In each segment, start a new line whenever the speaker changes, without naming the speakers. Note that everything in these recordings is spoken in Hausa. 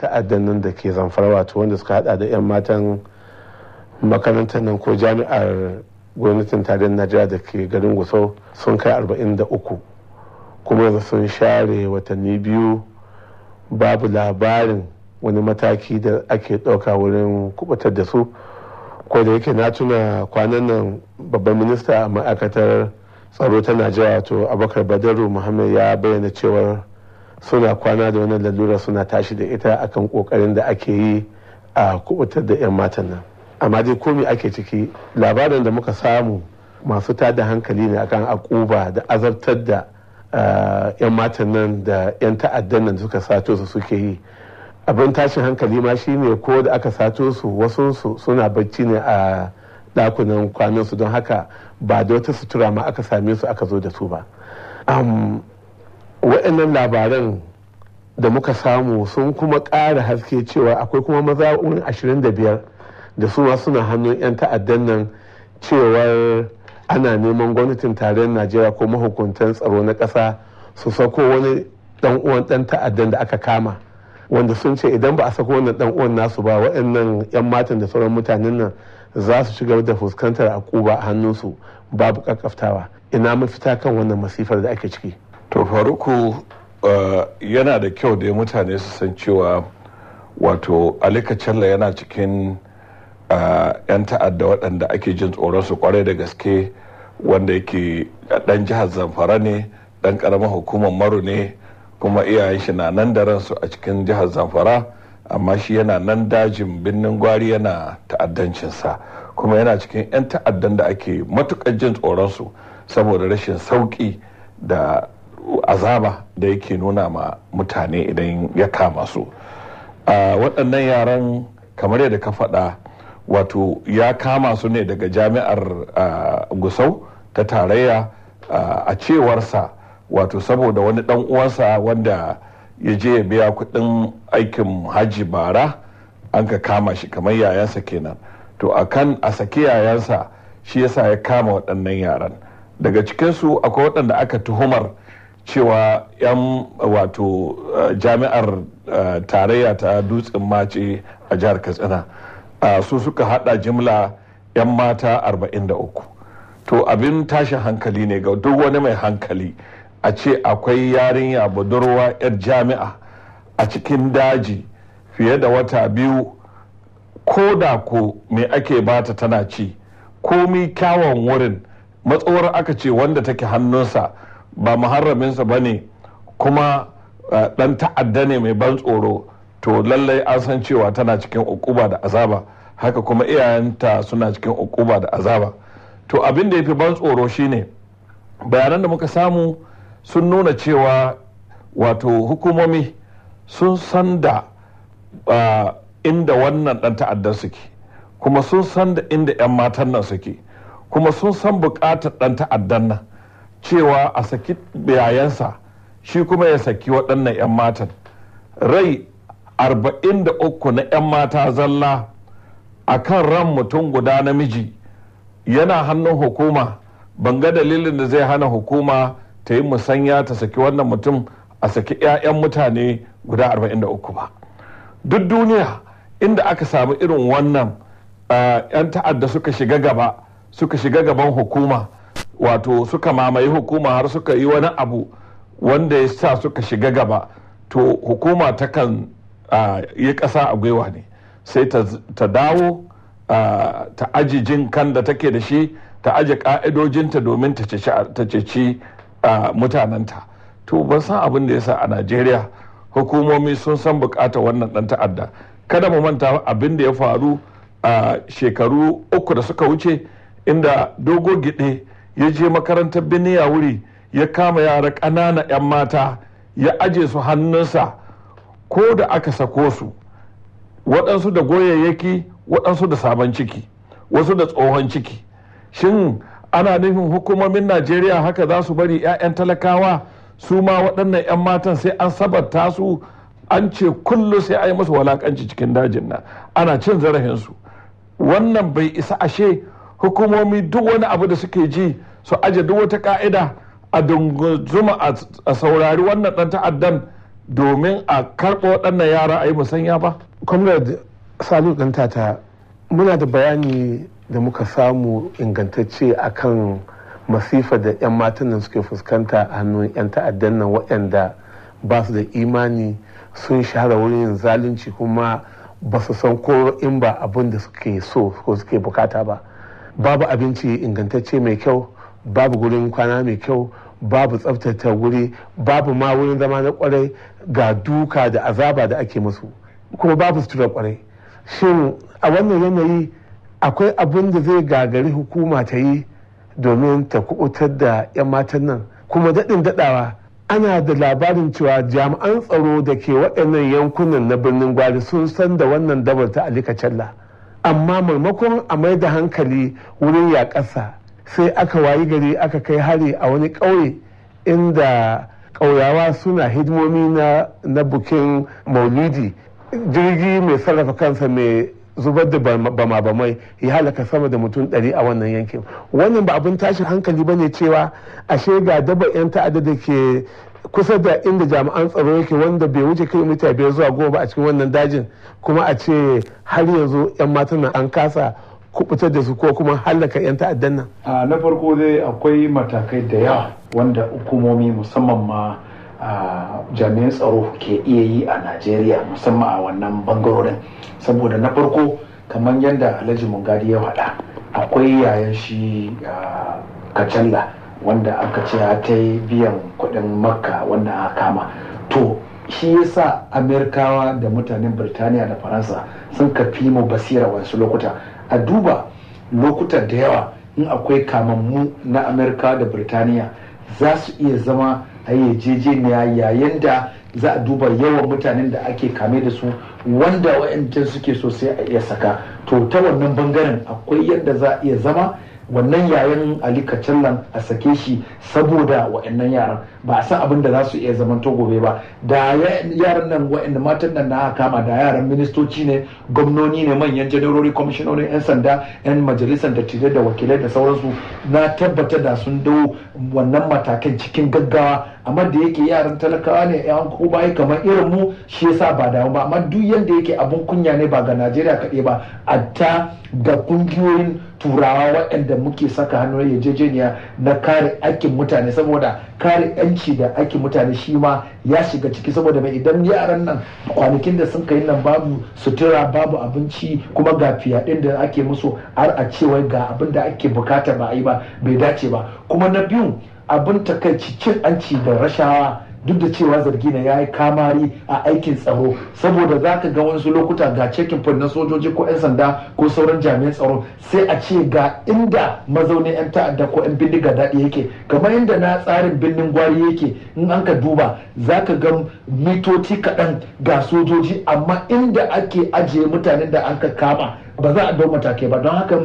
ta'addan nan da ke zamfara wato wanda suka hada da 'yan matan makarantar nan ko jami'ar gwamnatin tarihin najeriya da ke garin gusau sun kai 43 kuma yanzu sun share watanni biyu babu labarin wani mataki da ake ɗauka wurin kubutar da su ko da yake na tuna kwanan nan babban minista a ma'aikatar tsaro ta najeriya to abakar badaru muhammad ya bayyana cewar suna kwana da wannan lalura suna tashi da ita akan kokarin da ake yi a kubutar da 'yan matan nan amma dai komi ake ciki labarin da muka samu masu tada hankali ne akan akuba da azabtar da eh, 'yan matan nan da 'yan ta'addan nan suka sato su suke yi abin tashin hankali ma shi ne ko da aka sato su wasunsu suna bacci ne a dakunan kwanansu don haka ba da wata sutura ma aka same su aka zo da su ba waɗannan labaran da muka samu sun kuma ƙara haske cewa akwai kuma maza 25 da su ma suna hannun 'yan ta'addan nan cewar ana neman gwamnatin tarayyar najeriya ko mahukuntan tsaro na ƙasa su sako wani dan uwan dan ta'addan da aka kama wanda sun ce idan ba a sako wannan dan uwan nasu ba waɗannan 'yan matan da sauran mutanen nan za su ci gaba da fuskantar a akuba a hannunsu babu kakkaftawa ina mafita kan wannan masifar da ake
ciki to faruku eh, yana da kyau da mutane su san cewa wato alika challa yana cikin eh, 'yan ta'adda waɗanda ake jin tsoron kwarai da gaske wanda yake ɗan jihar zamfara ne ɗan ƙaramin hukumar maru ne kuma iyayen shi na nan da ransu a cikin jihar zamfara amma shi yana nan dajin birnin gwari yana ta'addancinsa kuma yana cikin 'yan ta'addan da ake matukar jin tsoronsu saboda rashin sauƙi da azaba da yake nuna ma mutane idan ya kama su waɗannan yaran kamar yadda ka faɗa wato ya kama su ne daga jami'ar gusau ta tarayya a cewarsa wato saboda wani ɗan uwansa wanda ya je ya biya kuɗin aikin hajji bara an ka kama shi kamar yayansa kenan to a kan a saki yayansa shi yasa ya kama waɗannan yaran daga cikinsu akwai waɗanda aka tuhumar cewa 'yan wato eh, jami'ar eh, tarayya ta dutsen mace a jihar katsina eh, su suka hada jimla 'yan mata 43 to abin tashin hankali ne ga duk wani mai hankali a ce akwai yarinya budurwa 'yar jami'a a cikin daji fiye da wata biyu ko da ko me ake bata tana ci komi kyawun wurin matsawar aka ce wanda take hannunsa ba muharraminsa ba ne kuma eh, ɗan ta'adda ne mai ban tsoro to lallai an san cewa tana cikin ukuba da azaba haka kuma iyayenta suna cikin ukuba da azaba to abin da ya fi ban tsoro shine bayanan da muka samu sun nuna cewa wato hukumomi sun san da eh, inda wannan ɗan ta'addar suke kuma sun san da inda 'yan matan nan suke kuma sun san bukatar ɗan ta'addan nan cewa a saki yayansa shi kuma ya saki waɗannan 'yan matan rai 43 na 'yan mata zalla a kan ran mutum guda namiji yana hannun hukuma ban ga dalilin da zai hana hukuma ta yi musanya ta saki wannan mutum a saki 'ya'yan mutane guda 43 ba duk duniya inda aka samu irin wannan eh, 'yan ta'adda suka shiga gaba suka shiga gaban hukuma wato suka mamaye hukuma har suka yi wani abu wanda ya sa suka shiga gaba to hukuma ta kan yi ƙasa a gwiwa ne sai ta dawo ta aji jin kan da take da shi ta aji ka'idojinta domin ta ceci mutanenta to ban san abin da ya sa a najeriya hukumomi sun san bukata wannan dan ta'adda kada mu manta abin da ya faru a shekaru uku da suka wuce inda dogo gide ya je makarantar birni ya wuri ya kama yara ƙanana 'yan mata ya aje su hannunsa ko da aka sako su waɗansu da goyayyaki waɗansu da sabon ciki wasu da tsohon ciki shin ana nufin hukumomin najeriya haka za su bari 'ya'yan talakawa su ma waɗannan 'yan matan sai an sabarta su an ce kullu sai a yi musu walakanci cikin dajin nan ana cin zarafinsu wannan bai isa ashe hukumomi duk wani abu da suke ji su aje duk wata ka'ida a dunguzuma a saurari wannan dan ta'addan domin a karɓo waɗannan yara a yi musanya ba? comrade salim ɗan tata muna da bayani da muka
samu ingantacce akan masifa da 'yan matan nan suke fuskanta a hannun 'yan ta'addan nan waɗanda ba su da imani sun shahara wurin zalunci kuma ba su san ko in ba abin da suke so ko suke bukata ba babu abinci ingantacce mai kyau babu gurin kwana mai kyau babu tsabtata wuri babu ma wurin zama na kwarai ga duka da azaba da ake musu kuma babu sutura kwarai shin a wannan yanayi akwai abin da zai gagari hukuma ta yi domin ta kubutar da 'yan matan nan kuma daɗin daɗawa ana da labarin cewa jami'an tsaro da ke waɗannan yankunan na birnin gwari sun san da wannan dabar ta alika amma maimakon a mai da hankali wurin ƙasa sai aka wayi gari aka kai hari a wani ƙauye inda ƙauyawa suna hidimomi na bukin maulidi jirgi mai sarrafa kansa mai zubar da bama-bamai ya halaka sama da mutum ɗari a wannan yankin wannan ba abin tashin hankali ba ne cewa ashe ga daba 'yan ta'adda da ke kusa da inda jami'an tsaro yake wanda bai wuce kilomita biyar zuwa goma a cikin wannan dajin kuma a ce har yanzu 'yan matan nan an kasa kubutar da su ko kuma hallaka 'yan ta'addan nan?
na farko dai akwai matakai da yawa wanda hukumomi musamman ma jami'an tsaro ke iya yi a najeriya musamman a wannan bangarorin saboda na farko kamar yadda alhaji mungadi ya faɗa akwai yayan shi kacalla wanda aka ce ta yi biyan kuɗin makka wanda aka kama to shi yasa amerikawa da mutanen birtaniya da faransa sun fi mu basira wasu lokuta a duba lokuta da yawa in akwai kamammu na amerikawa da birtaniya za su iya zama a yarjejeniya yayin da za a duba yawan mutanen da ake kame da su wanda wa'yancan suke sosai a iya saka to ta wannan bangaren akwai yadda za a iya zama wannan yayin ali nan a sake shi saboda wa'annan yaran ba a san abin da za su iya zaman to gobe ba da yaran nan wa'anda matan nan na kama da yaran ministoci ne gwamnoni ne manyan janarori kwamishinonin 'yan sanda 'yan majalisar da tire da wakilai da sauransu na tabbata da sun dawo wannan matakan cikin gaggawa amma da yake yaran talakawa ne yan kobaye kamar irin mu shi yasa ba damu ba amma duk yanda yake abin kunya ne ba ga najeriya kaɗai ba a ta da kungiyoyin turawa waɗanda muke saka hannun yarjejeniya na kare aikin mutane saboda kare yanci da aikin mutane shi ma ya shiga ciki saboda mai idan yaran nan kwanakin da sun kai nan babu sutura babu abinci kuma ga fiyaɗin da ake musu har a cewa ga abin da ake bukata ba a yi ba bai dace ba kuma na biyu abin takaici cin hanci da rashawa duk da cewa zargi na ya yi kamari a aikin tsaro saboda za ka ga wasu lokuta ga cekin point sojoji ko 'yan sanda ko sauran jami'an tsaro sai a ce ga inda mazaunin 'yan ta'adda ko 'yan ga daɗi yake kamar inda na tsarin birnin gwari yake in an ka duba za ka ga mitoci kaɗan ga sojoji amma inda ake ajiye mutanen da an ka kama ba za a dau matakai ba don haka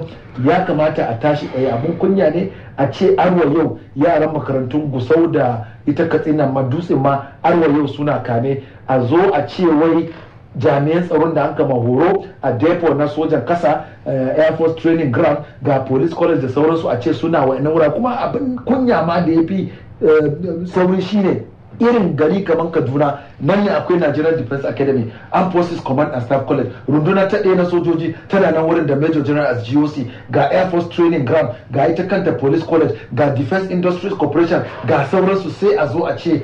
ya kamata a tashi a abin kunya ne a ce arwa yau yaran makarantun gusau da ita katsina ma dutse ma arwa yau suna kame a zo a ce wai jami'an tsaron da an kama horo a depo na sojan kasa eh, air force training ground ga police college da sauransu a ce suna wa'annan wura kuma abin kunya ma da ya fi eh, saurin shine irin gari kamar kaduna nan ne akwai nigerian defense academy armed forces command and staff college runduna ta ɗaya na sojoji tana nan wurin da major general as goc ga air force training ground ga ita kanta police college ga defense industries corporation ga sauransu sai a zo a ce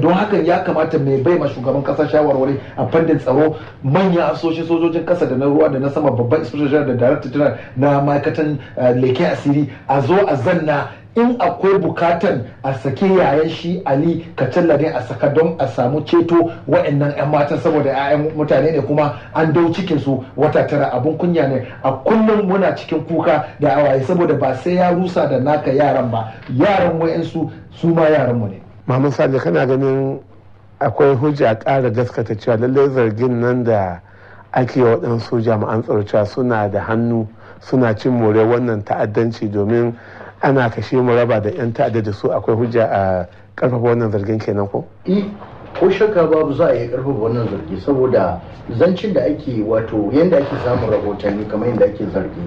don hakan ya kamata mai bai ma shugaban kasa shawarwari a fannin tsaro manyan asoshin sojojin kasa da na ruwa da na sama babban inspector general da director general na ma'aikatan eh, leke asiri a zo a zanna in akwai bukatan a sake yayan shi ali kacalla ne a saka don a samu ceto wa'annan 'yan matan saboda 'ya'yan mutane ne kuma an dau cikin su wata tara abun kunya ne a kullum muna cikin kuka da awaye saboda ba sai ya rusa da naka yaran ba yaran wa'ansu su ma
yaran mu ne mamun sale kana ganin akwai hujja kara gaskata cewa lallai zargin nan da ake waɗansu jami'an tsaro cewa suna da hannu suna cin more wannan ta'addanci domin ana kashe mu raba da 'yan ta'adda da su akwai hujja a karfafa wannan zargin kenan ko?
ko shakka babu za a iya karfafa wannan zargi saboda zancin da ake wato yadda ake samun rahotanni kamar yadda ake zargi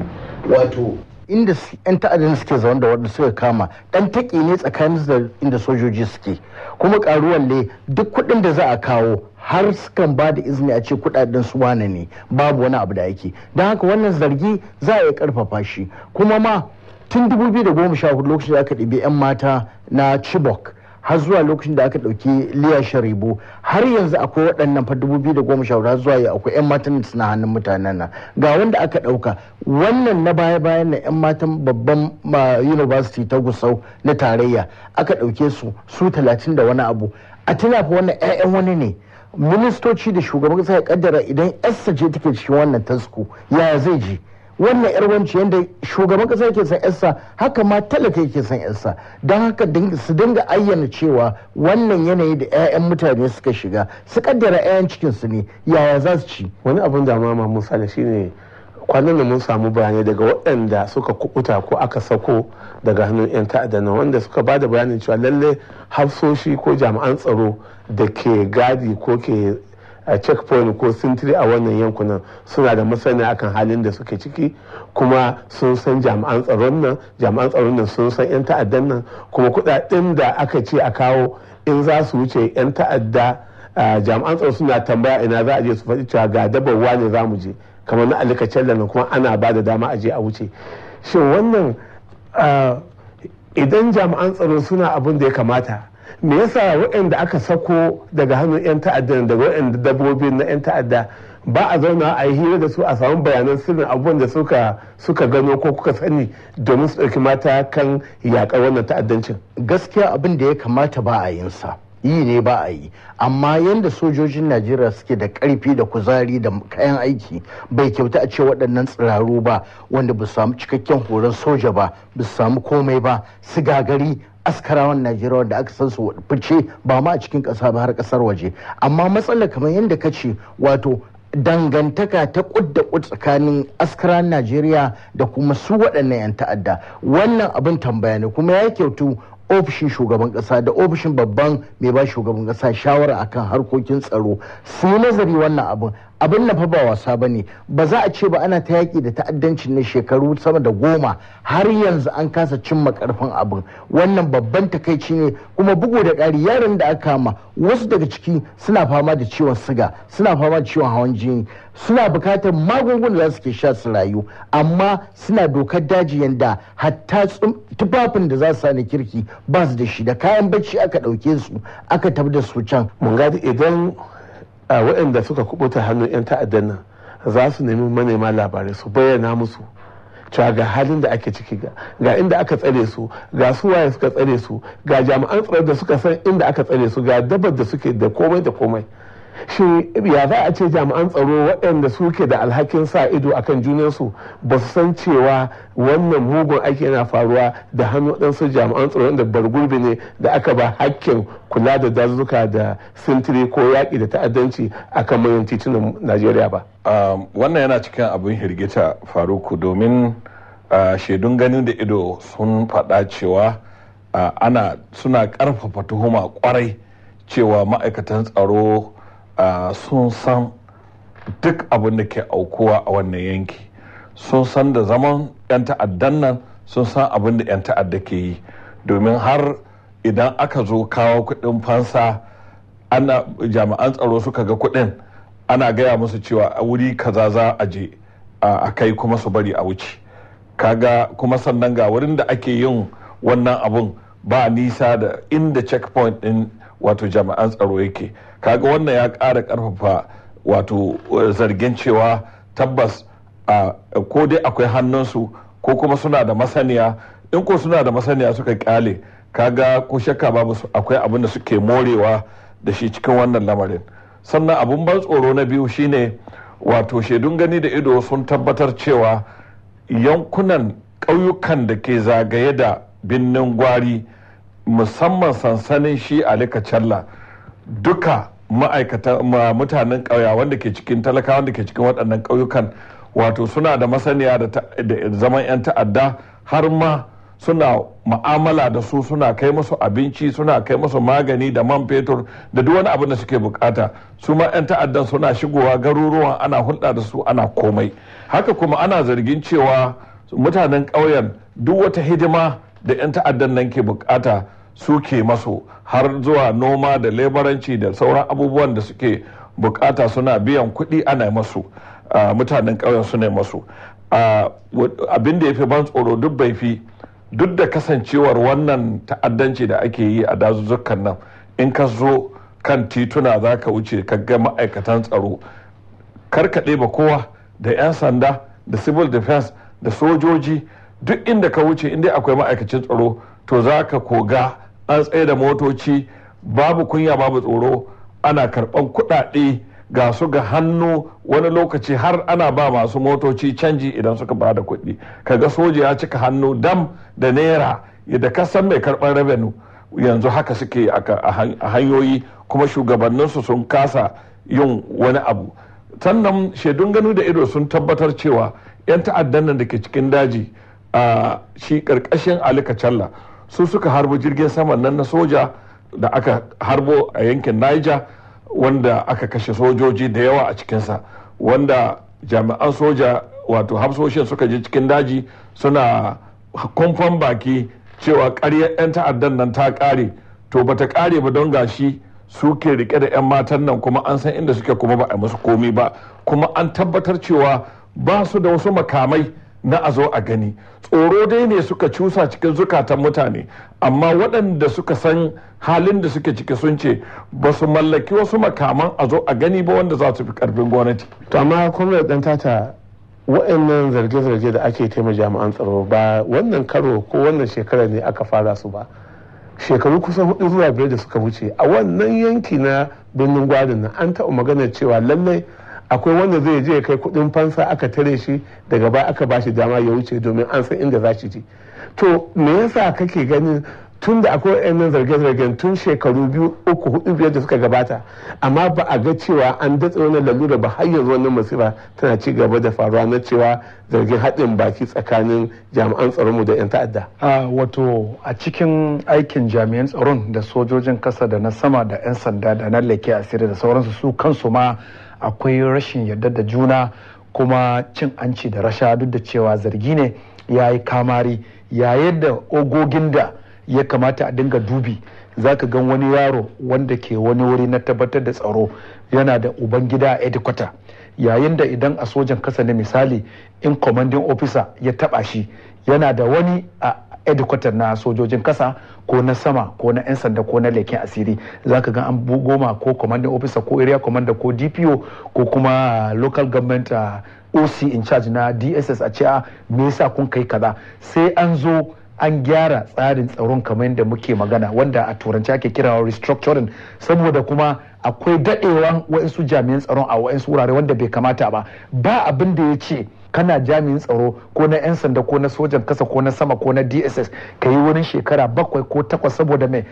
wato inda 'yan ta'adda suke zaune da wanda suka kama dan taƙi ne tsakanin da inda sojoji suke kuma karuwan ne duk kuɗin da za a kawo har sukan ba da izini a ce kuɗaɗen su wane ne babu wani abu da yake don haka wannan zargi za a iya karfafa shi kuma ma tun 2014 lokacin da aka ɗibi 'yan mata na chibok har zuwa lokacin da aka ɗauki liya sharibu har yanzu akwai waɗannan fa 2014 har zuwa yi akwai 'yan matan da suna hannun mutanen nan ga wanda aka ɗauka wannan na baya bayan na 'yan matan babban university ta gusau na tarayya aka ɗauke su su talatin da wani abu a tuna fa wannan 'ya'yan wani ne ministoci da shugaban kasa ya kaddara idan yarsa ce take cikin wannan tasku yaya zai je. wannan yar wanci yadda shugaban kasa ke san yarsa haka ma talaka yake san yarsa don haka su dinga ayyana cewa
wannan yanayi da 'ya'yan mutane suka shiga su kaddara 'ya'yan cikin su ne yaya za su ci wani abin da mama musa shi shine kwanan da mun samu bayanai daga waɗanda suka kukuta ko aka sako daga hannun 'yan ta'adda na wanda suka ba da bayanin cewa lallai hafsoshi ko jami'an tsaro da ke gadi ko ke a checkpoint ko sintiri a wannan yankunan suna da masani akan halin da suke ciki kuma sun san jami'an tsaron nan jami'an tsaron nan sun san 'yan ta'addan nan kuma kudaden da aka ce a kawo in za su wuce 'yan ta'adda jami'an tsaro suna tambaya ina za a je su faɗi cewa ga dabarwa ne za mu je kamar na alikacen nan kuma ana ba da dama a je a wuce shin wannan idan jami'an tsaro suna abin da ya kamata me yasa waɗanda aka sako daga hannun 'yan ta'adda da waɗanda dabbobin na 'yan ta'adda ba a zauna a yi hira da su a samu bayanan sirrin abubuwan da suka suka gano ko kuka sani domin su ɗauki mata kan yaƙar wannan ta'addancin gaskiya abin da ya kamata ba a yin
sa yi ne ba a yi amma yadda sojojin najeriya suke da karfi da kuzari da kayan aiki bai kyauta a ce waɗannan tsiraru ba wanda ba samu cikakken horon soja ba ba samu komai ba su gagari askarawan najeriya da aka san su fice ba ma a cikin ƙasa ba har ƙasar waje amma matsala kamar yadda ka ce wato dangantaka ta kud da kud tsakanin askaran najeriya da kuma su waɗannan 'yan ta'adda wannan abin tambaya ne kuma ya kyautu ofishin shugaban ƙasa da ofishin babban mai ba shugaban kasa shawara akan harkokin tsaro su nazari wannan abin abin na fa ba wasa ba ne ba za a ce ba ana ta yaƙi da ta'addanci na shekaru sama da goma har yanzu an kasa cimma karfin abin wannan babban takaici ne kuma bugu da ƙari yaran da aka kama wasu daga ciki suna fama da ciwon siga suna fama da ciwon hawan jini suna bukatar magungunan da su ke sha su rayu amma suna dokar daji yanda hatta tufafin da za su na kirki ba su da shi da kayan bacci aka ɗauke su aka tafi da su can.
mun idan A waɗanda suka kubuta hannun 'yan ta'addan nan za su nemi manema labarai su bayyana musu cewa ga halin da ake ciki ga inda aka tsare su ga su waye suka tsare su ga jami'an tsaro da suka san inda aka tsare su ga dabar da suke da komai da komai shi ya za a ce jami'an tsaro waɗanda suke da alhakin sa ido a kan junansu ba su san cewa wannan mugun aiki yana faruwa da hannu ɗansu jami'an tsaro da bargurbi ne da aka ba hakkin kula da dazuka da sintiri ko yaƙi da ta'addanci a kan manyan titunan najeriya ba
um, wannan yana cikin abin hirgita faruku domin uh, shaidun ganin da ido sun faɗa cewa uh, ana suna ƙarfafa tuhuma kwarai cewa ma'aikatan tsaro sun san duk abin da ke aukuwa a wannan yanki sun san da zaman 'yan ta'addan nan sun san abin da 'yan ta'adda ke yi domin har idan aka zo kawo kuɗin fansa ana jami'an tsaro suka ga kuɗin ana gaya musu cewa a wuri kaza za a je a kai kuma su bari a wuce kaga kuma sannan ga wurin da ake yin wannan abun ba nisa da inda checkpoint din wato jami'an tsaro yake kaga wannan ya ƙara karfafa wato eh, zargin cewa tabbas ko dai akwai hannunsu ko kuma suna da masaniya in ko suna da masaniya suka kyale kaga ko shakka babu akwai abin da suke morewa da shi cikin wannan lamarin sannan abun ban tsoro na biyu shine wato shaidun gani da ido sun tabbatar cewa yankunan ƙauyukan da ke zagaye da birnin gwari musamman sansanin shi a likacalla duka ma'aikata mutanen ƙauya wanda ke cikin talaka wanda ke cikin waɗannan ƙauyukan wato suna da masaniya da zaman 'yan ta'adda har ma suna ma'amala da su suna kai musu abinci suna kai musu magani da man fetur da duk wani abin da suke bukata su ma 'yan ta'addan suna shigowa garuruwan ana hulɗa da su ana komai haka kuma ana zargin cewa mutanen ƙauyen duk wata hidima da 'yan ta'addan nan ke bukata suke masu har zuwa noma da lebaranci da sauran abubuwan da suke bukata suna biyan kuɗi ana masu mutanen ƙauyen suna masu abinda da ya fi ban tsoro duk bai fi duk da kasancewar wannan ta'addanci da ake yi a dazuzzukan nan in ka zo kan tituna za ka wuce ka ga ma'aikatan tsaro karkaɗe ba kowa da 'yan sanda da civil defense da sojoji duk inda ka wuce inda akwai ma'aikacin tsaro to za ka koga an tsaye da motoci babu kunya babu tsoro ana karɓan kuɗaɗe ga su ga hannu wani lokaci har ana ba masu motoci canji idan suka ba da kuɗi kaga soja ya cika hannu dam da naira da san mai karɓar rabenu yanzu haka suke a hanyoyi kuma shugabanninsu sun kasa yin wani abu sannan shaidun gano da ido sun tabbatar cewa 'yan ta'addan nan da ke cikin daji a shi ƙarƙashin alika challa su suka harbo jirgin saman nan na soja da aka harbo a yankin niger wanda aka kashe sojoji da yawa a cikinsa wanda jami'an soja wato hafsoshin suka je cikin daji suna kumfan baki cewa karyar 'yan ta'addan nan ta ƙare to bata ƙare ba don gashi su ke rike da 'yan matan nan kuma an san inda suke kuma ba a musu komi ba kuma an tabbatar cewa ba su da wasu makamai na a zo a gani tsoro dai ne suka cusa cikin zukatan mutane amma waɗanda suka san halin da suke ciki sun ce ba su mallaki wasu makaman a zo a gani ba wanda za su fi karfin gwamnati to amma kuma ɗan tata
waɗannan zarge-zarge da ake taimaka jami'an tsaro ba wannan karo ko wannan shekara ne aka fara su ba shekaru kusan hudu zuwa biyar da suka wuce a wannan yanki na birnin gwarin an taɓa maganar cewa lallai akwai wanda zai je ya kai kudin fansa aka tare shi daga ba aka bashi dama ya wuce domin an san inda za shi ji to me yasa kake ganin tun da akwai wayannan zarge-zargen tun shekaru biyu uku hudu biyar da suka gabata amma ba a ga cewa an datse wannan lalura ba har yanzu wannan masifa tana ci gaba da faruwa na cewa zargin haɗin baki tsakanin jami'an tsaronmu da 'yan ta'adda.
a wato a cikin aikin jami'an tsaron da sojojin kasa da na sama da 'yan sanda da na leke asiri da sauransu su kansu ma akwai rashin yarda da juna kuma cin anci da rasha duk da cewa zargi ne ya yi kamari yayin da ogogin da ya kamata a dinga dubi za ka gan wani yaro wanda ke wani wuri na tabbatar da tsaro yana da uban gida a edikwata yayin da idan a sojan kasa na misali in commanding officer ya taba shi yana da wani a edikwatar na sojojin kasa ko na sama ko na 'yan sanda ko na leken asiri za ka ga an goma ko commanding officer ko area commander ko dpo ko kuma local government uh, oc in charge na dss a cewa ah, me yasa kun kai kaza sai an zo an gyara tsarin tsaron kamar yadda muke magana wanda a turanci ake kirawa restructuring saboda kuma akwai daɗewan wa'insu jami'an tsaron a wa'insu wurare wanda bai kamata ba ba abin da ya ce kana jami'in tsaro ko na 'yan sanda ko na sojan kasa ko na sama ko na dss ka yi wurin shekara bakwai ko takwas saboda mai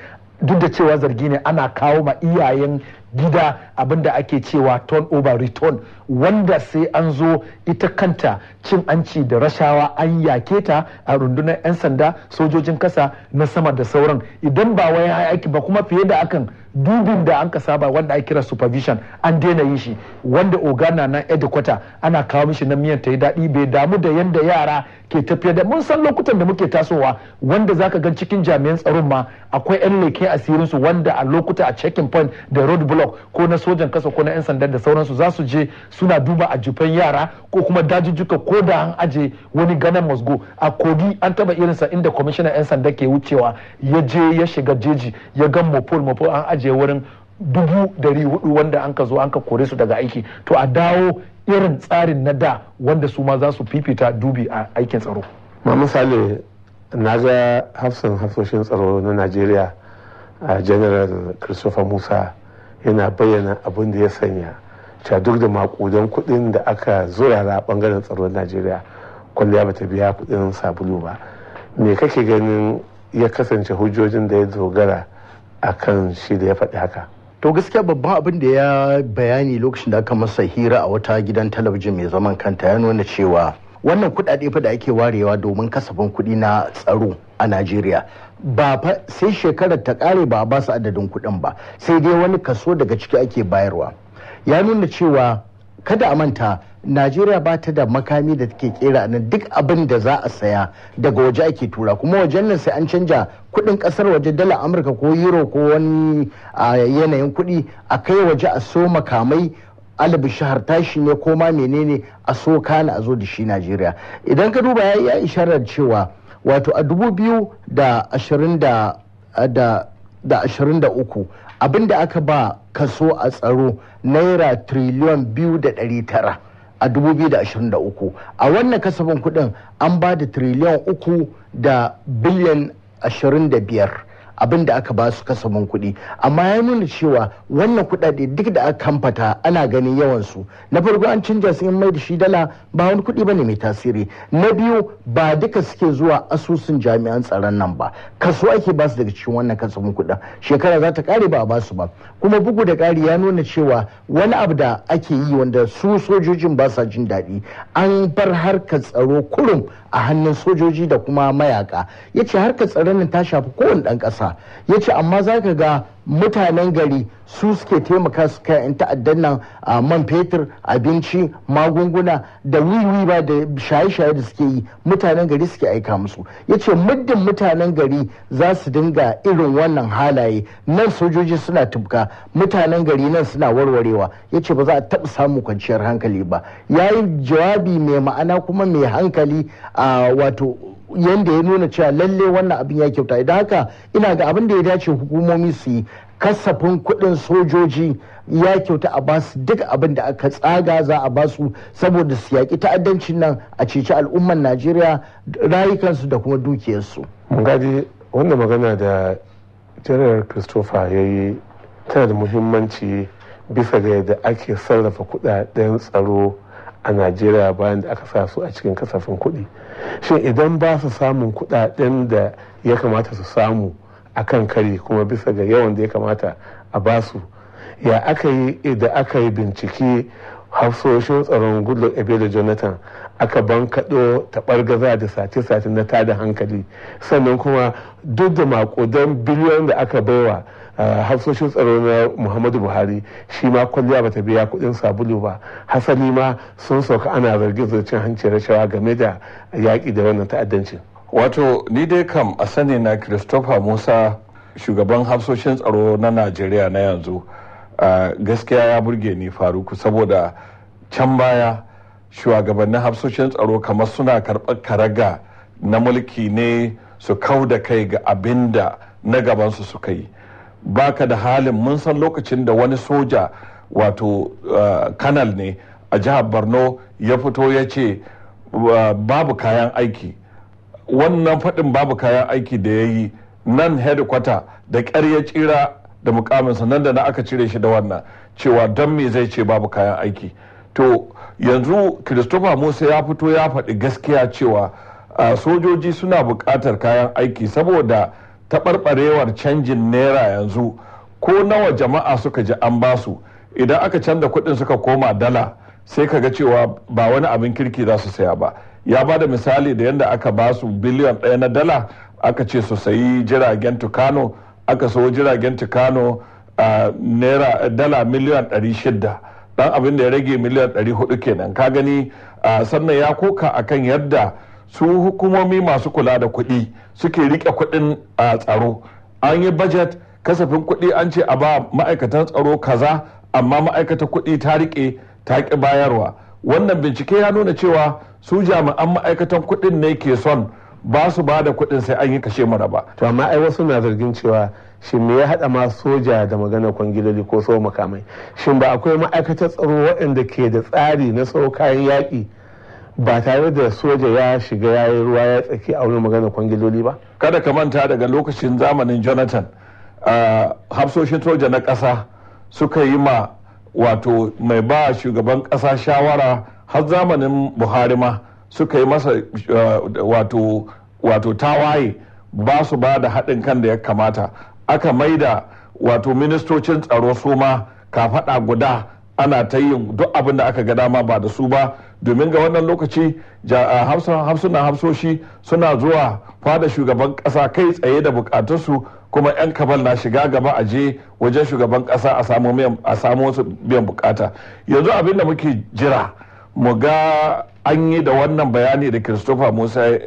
duk da cewa zargi ne ana kawo ma iyayen gida abinda ake cewa turn over return wanda sai an zo ita kanta cin anci da rashawa an yake ta a rundunar 'yan sanda sojojin kasa na sama da sauran idan ba wai aiki ba kuma fiye da akan dubin da an ka saba wanda ake kira supervision an daina yin shi wanda ogana na edukwata ana kawo mishi na miyan ta yi daɗi bai damu da yanda yara ke tafiya da mun san lokutan da muke tasowa wanda zaka gan cikin jami'an tsaron ma akwai yan leke asirin su wanda a lokuta a checking point da road block ko na sojan kasa ko na yan sanda da sauransu za su je suna duba a jufan yara ko kuma dajujjuka ko da an aje wani ganan musgo a kogi an taba irinsa inda kwamishinan yan sanda ke wucewa ya je ya shiga jeji ya gan mopol mopol an aje je wurin dubu dari hudu wanda an zo an kore su daga aiki to a dawo irin tsarin na da wanda su ma za su fifita dubi a aikin tsaro.
ma misali na ga hafsan hafsoshin tsaro na najeriya a general christopher musa yana bayyana abin da ya sanya cewa duk da makudan kudin da aka zurara bangaren tsaron najeriya kwalliya ba ta biya kudin sabulu ba me kake ganin ya kasance hujjojin da ya dogara akan shi da ya faɗi haka
to gaskiya babban abin da ya bayani lokacin da aka masa hira a wata gidan talabijin mai zaman kanta ya nuna cewa wannan kuɗaɗe fa da ake warewa domin kasafin kuɗi na tsaro a najeriya ba fa sai shekarar ta kare ba ba su adadin kuɗin ba sai dai wani kaso daga ciki ake bayarwa ya nuna cewa kada a manta najeriya ba ta da makami da take kera nan duk abin da za a saya daga waje ake tura kuma wajen nan sai an canja kudin kasar waje dala amurka ko euro ko wani yanayin kudi a kai waje a so makamai alibi shahar tashi ne ko ma menene a so kana a zo da shi najeriya idan ka duba ya isharar cewa wato a dubu biyu da ashirin da uku abin da aka ba kaso a tsaro naira triliyon biyu da ɗari tara a 2023 a wannan kasafin kuɗin an ba da triliyon uku da biliyan biyar. abin da aka ba su kasafin kuɗi amma ya nuna cewa wannan kuɗaɗe duk da aka kamfata ana ganin yawansu. na farko an canja su in mai da shi dala ba wani kuɗi ba ne mai tasiri na biyu ba duka suke zuwa asusun jami'an tsaron nan ba kaso ake ba su daga cikin wannan kasafin kuɗin shekara za ta kare ba a ba su ba kuma bugu da ƙari ya nuna cewa wani abu da ake yi wanda su sojojin ba sa jin daɗi an bar harkar tsaro kurum a hannun sojoji da kuma mayaka ya ce harkar tsaronin ta shafi kowane ɗan ƙasa ya ce amma za ka ga mutanen gari su suke taimaka su kai in ta'addan nan a man fetur abinci magunguna da wiwi ba da shaye-shaye da suke yi mutanen gari suke aika musu ya ce muddin mutanen gari za su dinga irin wannan halaye nan sojoji suna tubka mutanen gari nan suna warwarewa ya ce ba za a taɓa samun kwanciyar hankali ba ya yi jawabi mai ma'ana kuma mai hankali a wato yanda ya nuna cewa lalle wannan abin ya kyauta idan haka ina ga abin da ya dace hukumomi su yi kasafin kuɗin sojoji ya kyauta a basu duk abin da aka tsaga za a basu saboda su yaƙi ta'addancin nan a ceci al'umman najeriya rayukansu da kuma
dukiyarsu. gadi wanda magana da janar christopher ya yi tana da muhimmanci bisa ga yadda ake sarrafa kudaden tsaro a najeriya bayan da aka sa su a cikin kasafin kuɗi shin idan ba su samun kuɗaɗen da ya kamata su samu a kan kare kuma bisa ga yawan da ya kamata a basu ya aka yi da aka yi bincike hafsoshin tsaron goodluck ebele jonathan aka bankaɗo taɓargaza da sace-sace na tada hankali sannan kuma duk da makudan biliyan da aka baiwa ah, hafsoshin tsaro na muhammadu buhari shi ma kwalliya bata biya kudin sabulu ba hasali ma
sun sauka ana zargin zarcin hanci rashawa game da yaƙi da wannan ta'addancin wato ni dai kam a sani na christopher musa shugaban hafsoshin tsaro na najeriya na yanzu gaskiya ya burge ni faruku saboda can baya shugabannin hafsoshin tsaro kamar suna karɓar karaga na mulki ne su kau da kai ga abin da na gabansu suka yi baka da halin mun san lokacin da wani soja wato kanal ne a jihar borno ya fito ya ce babu kayan aiki wannan faɗin babu kayan aiki da ya yi nan hedikwata da ƙyar ya tsira da mukaminsa nan da na aka cire shi da wannan cewa don me zai ce babu kayan aiki to yanzu christopher musa ya fito ya faɗi gaskiya cewa sojoji suna buƙatar kayan aiki saboda taɓarɓarewar canjin naira yanzu ko nawa jama'a suka ji an basu idan aka canza kuɗin suka koma dala sai ka ga cewa ba wani abin kirki za su saya ba ya ba da misali da yadda aka basu biliyan ɗaya na dala aka ce su sayi jiragen tukano aka sayo jiragen Tukano a naira dala miliyan 600 dan abin da ya rage miliyan 400 kenan ka gani sannan ya koka akan yadda su hukumomi masu kula da kuɗi suke rike kuɗin a tsaro an yi budget kasafin kuɗi an ce a ba ma'aikatan tsaro kaza amma ma'aikatan kuɗi ta rike ta ki bayarwa wannan bincike ya nuna cewa su jami'an ma'aikatan kuɗin ne ke son ba su ba da kuɗin sai an yi kashe mara ba. to amma ai wasu na zargin cewa shin me ya haɗa ma soja da maganar
kwangiloli ko so makamai shin ba akwai ma'aikatar tsaro waɗanda ke da tsari na sau kayan
yaƙi ba tare da soja ya shiga ya ruwa ya tsaki a wani maganar kwangiloli ba. kada ka manta daga lokacin zamanin jonathan hafsoshin soja na ƙasa suka yi ma wato mai ba shugaban ƙasa shawara har zamanin buhari ma suka yi masa eh, wato tawaye ba su ba da haɗin kan da ya kamata aka maida wato ministocin tsaro su ma kafaɗa guda ana ta yin duk abin da aka ga dama ba da su ba domin ga wannan lokaci eh, hamsuna hamsoshi suna zuwa fada shugaban ƙasa kai tsaye da bukatunsu kuma 'yan kabal na shiga gaba a je wajen shugaban ƙasa a samu biyan bukata yanzu abin da muke jira mu ga an yi da wannan bayani da christopher musa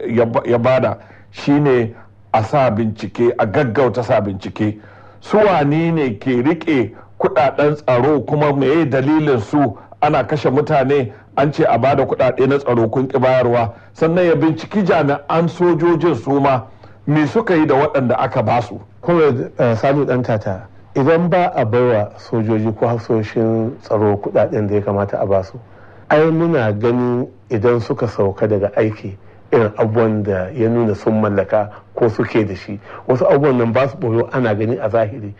ya bada shine a sa bincike a gaggauta sa bincike su wani ne ke rike kudaden tsaro kuma meye dalilin su ana kashe mutane an ce a bada kudade na tsaro kun ki bayarwa sannan ya binciki jami'an sojojin su ma me suka yi da waɗanda aka basu kuma eh, sami dan idan ba
a baiwa sojoji ko hafsoshin tsaro kudaden da ya kamata a basu ai muna ganin idan suka sauka daga aiki irin abubuwan da ya nuna sun mallaka ko suke da shi wasu abubuwan nan ba su boyo ana gani a zahiri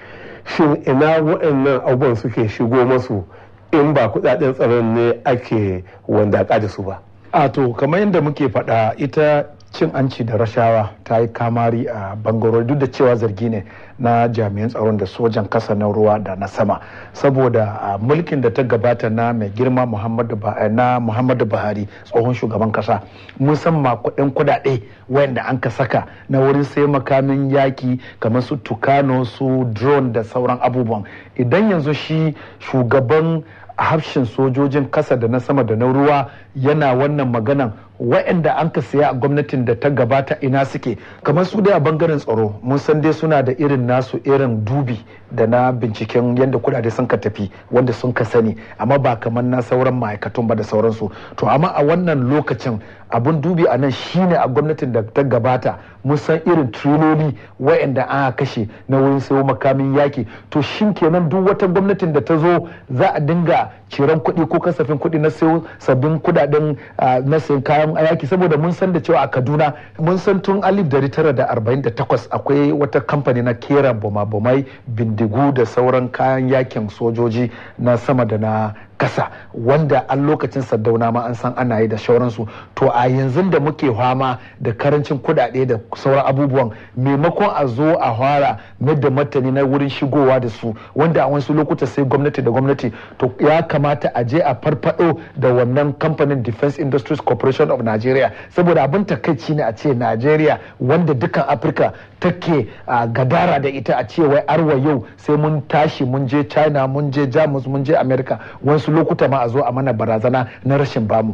shin ina waɗannan abubuwan suke shigo masu in ba kudaden tsaron ne ake wanda da su ba
a to kamar yadda muke faɗa ita cin anci da rashawa ta yi kamari a bangarori duk da cewa zargi ne na jami'an tsaron da sojan kasa na ruwa da na sama saboda mulkin da ta gabata na mai girma muhammadu eh, buhari tsohon shugaban kasa mun san makudan kudade wayanda an ka saka na wurin sai makamin yaki kamar su tukano su drone da sauran abubuwan idan yanzu shi shugaban hafshin sojojin kasa da na sama da na ruwa yana wannan maganan wa'inda an ka siya a gwamnatin da ta gabata ina suke kamar su dai a bangaren tsaro mun san dai suna da irin nasu irin dubi da na binciken yadda kudade sun ka tafi wanda sun ka sani amma ba kamar na sauran ma'aikatun ba da sauransu to amma a wannan lokacin abun dubi a nan shine a gwamnatin da ta gabata mun san irin triloli wa'inda an kashe na wurin sayo makamin yaki to shin kenan duk wata gwamnatin da ta zo za a dinga ciran kuɗi ko kasafin kuɗi na sayo sabbin kudaden ah, na sayan kayan an yaki saboda mun san da cewa a kaduna mun san tun alif dari tara da arba'in da takwas akwai wata kamfani na kera bama bindigu da sauran kayan yakin sojoji na sama da na kasa wanda an lokacin sadauna ma an san ana yi da shauransu to a yanzu da muke hama da karancin kudade da sauran abubuwan maimakon a zo a hara da martani na wurin shigowa da su wanda a wasu lokuta sai gwamnati da gwamnati to ya kamata a je a farfado da wannan kamfanin defense industries corporation of nigeria saboda abin takaici ne a ce nigeria wanda dukan afirka take a gadara da ita a ce wai arwa yau sai mun tashi mun
je china mun je jamus mun je america wasu lokuta ma a zo a mana barazana na rashin bamu